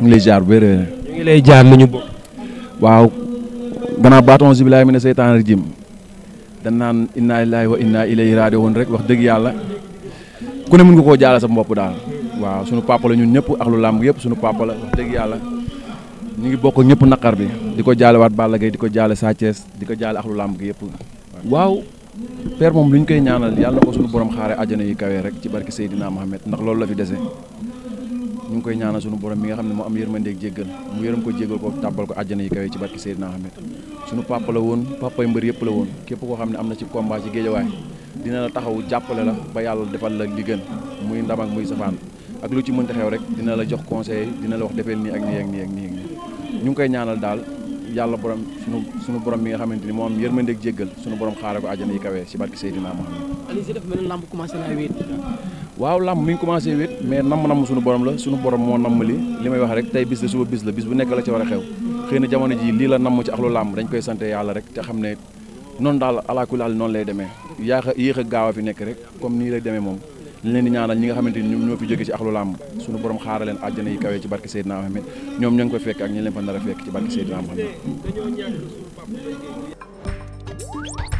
ñu ngi lay jaar wér jaar lu bokk. waaw gannaaw baatoon si bilaay mi ne seytaan rajim dañ naan inna lillahi wa inna ilayhi raaji'uun rek wax dëgg yàlla ku ne mën nga koo jaale sa mbopp daal waaw sunu papa la ñun ñëpp ak lu làmb yëpp sunu papa dëgg yàlla ñu ngi bokk ñëpp naqar bi di ko jaale waat Balla Gaye di ko jaale Sa di ko jaale ak lu làmb yëpp waaw père moom lu ñu koy ñaanal yàlla na ko sunu borom xaare àjjana yi kawee rek ci barki Seydina Mohamed ndax loolu la fi dese ñu ngi koy ñaanal sunu borom mi nga xam ne moo am yërmandeeg jéggal mu yërëm ko jéggal ko tàbbal ko àjjana yi kawe ci barki Seydina Ahmed sunu papa la woon papa yi mbër yëpp la woon képp ko xam ne am na ci combat ci géejawaay dina la taxaw jàppale la ba yàlla defal la li gën muy ndam ak muy safaan ak lu ci mënta xew rek dina la jox conseil dina la wax defeel nii ak nii ak nii ak nii ñu ngi koy ñaanal daal yàlla borom sunu sunu borom bi nga xamante ni moo am yërmandeeg jéggal sunu borom xaare ko àjjana yi kawee si barki Seydina Muhammad. Alioune si dafa làmb commencé naa waaw làmb mi ngi commencé wéet mais namm-namm sunu borom la sunu borom moo namm li li may wax rek tey bis la suba bis la bis bu nekk la ci war a xew xëy na jamono ji lii la namm ci axlu làmb dañ koy sant yàlla rek te xam ne noonu daal alaakulli àll noonu lay demee yaax a yéex a gaaw a fi nekk rek comme nii lay demee moom ñu leen di ñaanal ñi nga xamante ni ñoom ñoo fi jóge ci axlu làmb suñu borom xaara leen àjjana yi kawee ci barke Seydina Mohamed ñoom ña ngi ko fekk ak ñi leen fa nar a ci barke Seydina Mohamed